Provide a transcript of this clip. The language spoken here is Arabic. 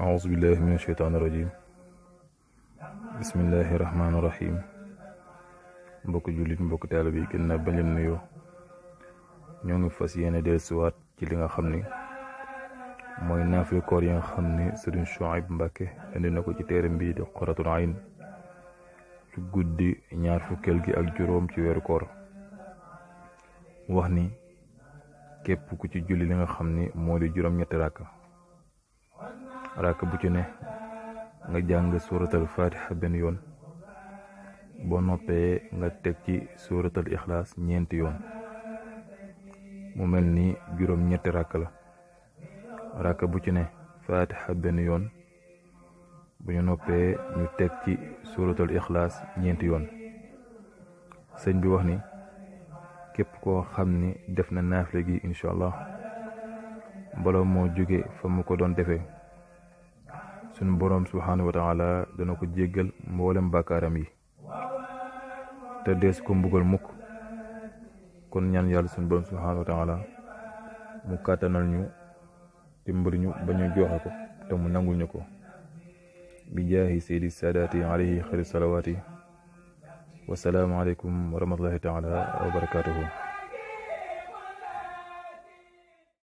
أعوذ بالله من الشيطان الرجيم بسم الله الرحمن الرحيم بوك جولين بوك طالب يي كنا با لين نيو نيغي فاسيينه ديل سوات تي ليغا خامني موي نافي كوريان خامني سيرن شعيب مباكي اندي نكو تي تيرم بي دي قرات العين تي غودي ñaar fukel gi ak juroom ci wër koor wax ni képp ku ci julli li nga raaka bu ci ne nga jàng suuratal fatiha benn yoon boo noppee nga teg ci suuratal ixlaas ñeenti yoon mu mel ni juróom ñetti rakk la rakk bu ci ne fatiha benn yoon bu ñu noppee ñu teg ci suuratal ixlaas ñeenti yoon sëñ bi wax ni képp koo xam ni def na naafile gi incha allah mbala moo jóge fa mu ko doon defee سن بروم سبحانه وتعالى دنو كو جيغل مولم باكارام يي تا ديس كوم بوغل موك كون نيان يالا سن بروم سبحانه وتعالى مو كاتانال نيو ديمبل نيو با نيو جوخاكو تا مو نانغول نيو كو بجاه سيدي السادات عليه خير الصلوات والسلام عليكم ورحمه الله تعالى وبركاته